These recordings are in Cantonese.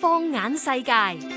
放眼世界。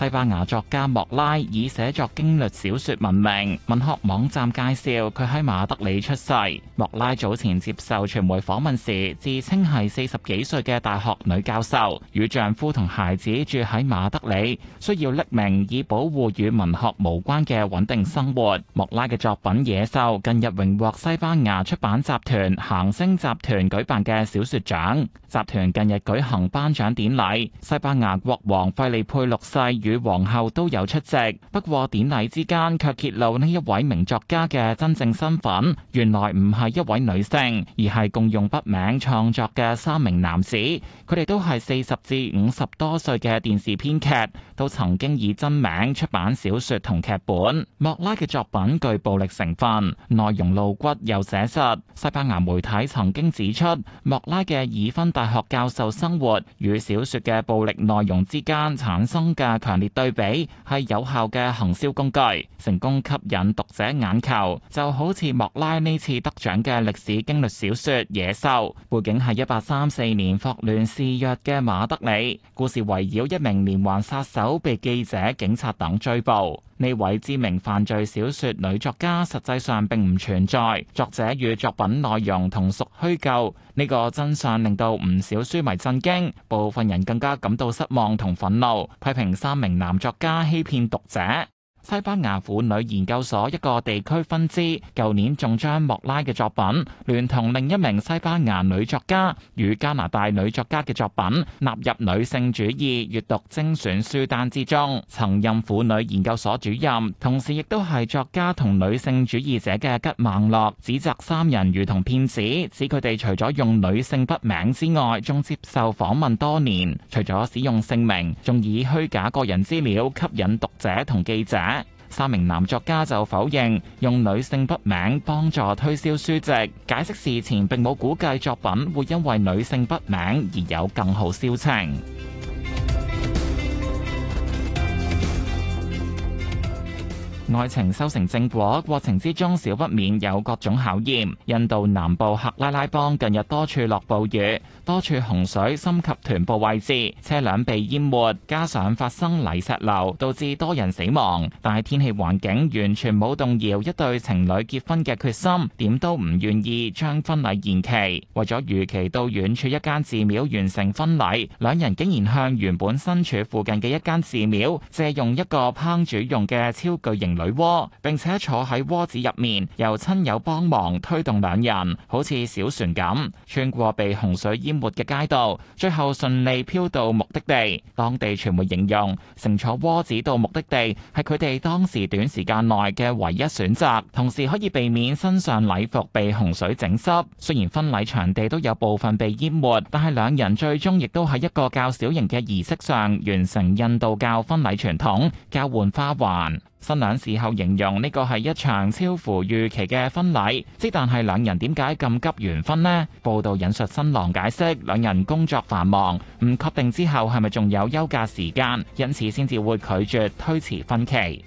西班牙作家莫拉以寫作驚慄小說聞名。文學網站介紹，佢喺馬德里出世。莫拉早前接受傳媒訪問時，自稱係四十幾歲嘅大學女教授，與丈夫同孩子住喺馬德里，需要匿名以保護與文學無關嘅穩定生活。莫拉嘅作品《野獸》近日榮獲西班牙出版集團行星集團舉辦嘅小說獎。集團近日舉行頒獎典禮，西班牙國王費利佩六世與與皇后都有出席，不過典禮之間卻揭露呢一位名作家嘅真正身份，原來唔係一位女性，而係共用筆名創作嘅三名男子。佢哋都係四十至五十多歲嘅電視編劇，都曾經以真名出版小說同劇本。莫拉嘅作品具暴力成分，內容露骨又寫實。西班牙媒體曾經指出，莫拉嘅已婚大學教授生活與小說嘅暴力內容之間產生嘅強列對比係有效嘅行銷工具，成功吸引讀者眼球。就好似莫拉呢次得獎嘅歷史驚慄小說《野獸》，背景係一八三四年霍亂肆虐嘅馬德里，故事圍繞一名連環殺手被記者、警察等追捕。呢位知名犯罪小說女作家實際上並唔存在，作者與作品內容同屬虛構。呢個真相令到唔少書迷震驚，部分人更加感到失望同憤怒，批評三名男作家欺騙讀者。西班牙婦女研究所一個地區分支，舊年仲將莫拉嘅作品，聯同另一名西班牙女作家與加拿大女作家嘅作品納入女性主義閱讀精選書單之中。曾任婦女研究所主任，同時亦都係作家同女性主義者嘅吉孟洛指責三人如同騙子，指佢哋除咗用女性筆名之外，仲接受訪問多年，除咗使用姓名，仲以虛假個人資料吸引讀者同記者。三名男作家就否認用女性筆名幫助推銷書籍，解釋事前並冇估計作品會因為女性筆名而有更好銷情。愛情修成正果，過程之中少不免有各種考驗。印度南部克拉拉邦近日多處落暴雨，多處洪水深及臀部位置，車輛被淹沒，加上發生泥石流，導致多人死亡。但係天氣環境完全冇動搖一對情侶結婚嘅決心，點都唔願意將婚禮延期。為咗如期到遠處一間寺廟完成婚禮，兩人竟然向原本身處附近嘅一間寺廟借用一個烹煮用嘅超巨型女窩，並且坐喺窩子入面，由親友幫忙推動兩人，好似小船咁穿過被洪水淹沒嘅街道，最後順利漂到目的地。當地傳媒形容乘坐窩子到目的地係佢哋當時短時間內嘅唯一選擇，同時可以避免身上禮服被洪水整濕。雖然婚禮場地都有部分被淹沒，但係兩人最終亦都喺一個較小型嘅儀式上完成印度教婚禮傳統交換花環。新娘事後形容呢個係一場超乎預期嘅婚禮，即但係兩人點解咁急完婚呢？報道引述新郎解釋，兩人工作繁忙，唔確定之後係咪仲有休假時間，因此先至會拒絕推遲婚期。